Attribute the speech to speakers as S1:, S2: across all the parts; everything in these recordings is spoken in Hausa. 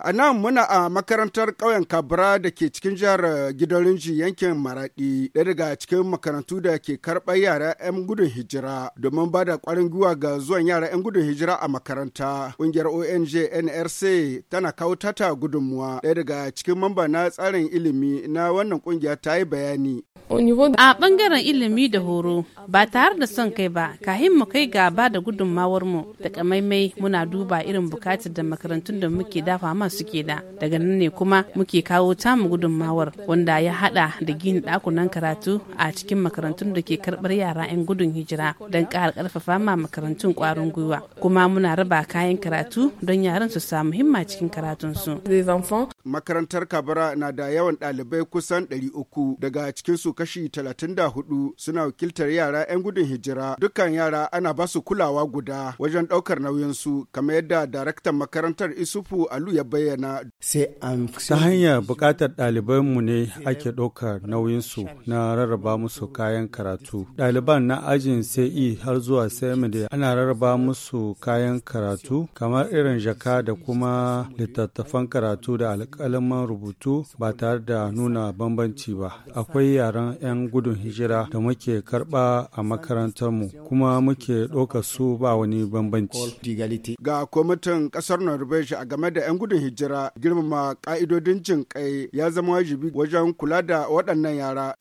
S1: A nan muna a makarantar ƙauyen Kabra da ke cikin jihar eh, Gidorinji yankin Maraɗi, ɗaya daga cikin makarantu da ke karɓar yara 'yan gudun hijira domin ba da ƙwarin gwiwa ga zuwan yara 'yan gudun hijira a makaranta. Ƙungiyar ONG NRC tana kawo tata gudunmuwa. Ɗaya daga cikin mamba na tsarin ilimi na wannan ƙungiya ta yi
S2: bayani. A bangaren ilimi da horo ba tare da son kai ba kahin mu kai gaba da gudunmawar mu da kamaimai muna duba irin bukatar da makarantun da muke dafa ma suke da daga nan ne kuma muke kawo tamu gudunmawar wanda ya hada da gini dakunan karatu a cikin makarantun da ke karɓar yara 'yan gudun hijira don ƙara karfafa ma makarantun kwarin gwiwa kuma muna raba kayan karatu don yaran su samu himma cikin karatunsu.
S1: makarantar kabara na da yawan dalibai kusan 300 daga cikinsu kashi 34 suna wakiltar yara 'yan gudun hijira dukkan yara ana ba su kulawa guda wajen ɗaukar nauyinsu kamar yadda daraktan makarantar isufu alu ya bayyana ta hanyar
S3: buƙatar mu ne ake ɗaukar nauyinsu na rarraba musu kayan karatu ɗaliban na ajin sai e har zuwa sai ana rarraba musu kayan karatu kamar irin jaka da kuma littattafan karatu da alka kalaman rubutu ba tare da nuna bambanci ba akwai yaren 'yan gudun hijira da muke karba a makarantar mu. kuma muke ɗaukar su ba wani bambanci
S1: ga kwamitin kasar norvege a game da 'yan gudun hijira girmama ƙa'idodin jin kai ya zama wajibi wajen kula da waɗannan yara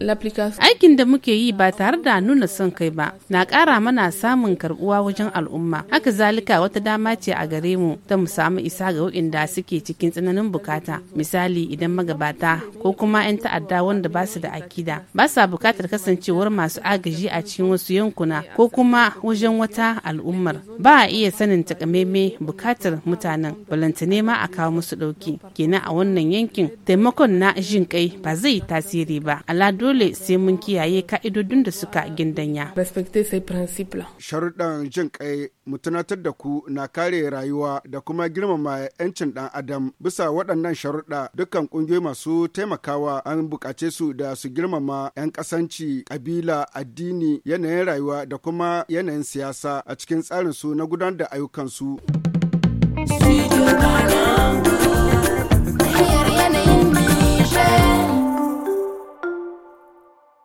S2: aikin da muke yi ba tare da nuna son kai ba na ƙara mana samun karbuwa wajen al'umma haka zalika wata dama ce a gare mu ta mu samu isa ga waɗanda suke cikin tsananin bukata misali idan magabata ko kuma 'yan ta'adda wanda ba su da akida ba sa bukatar kasancewar masu agaji a cikin wasu yankuna ko kuma wajen wata al'ummar ba a iya sanin takamaimai bukatar mutanen balantane ma a kawo musu ɗauki kenan a wannan yankin taimakon na jin kai ba zai yi tasiri ba ala dole sai mun kiyaye ka'idodin da suka gindanya sharuɗan
S1: jin kai mu tunatar da ku na kare rayuwa da kuma girmama 'yancin ɗan adam bisa waɗannan sharuɗa dukkan ƙungiyoyi masu taimakawa an buƙace su da su girmama 'yan ƙasanci ƙabila addini yanayin rayuwa da kuma yanayin siyasa a cikin tsarin su na gudanar da ayyukansu. Studio Banangu.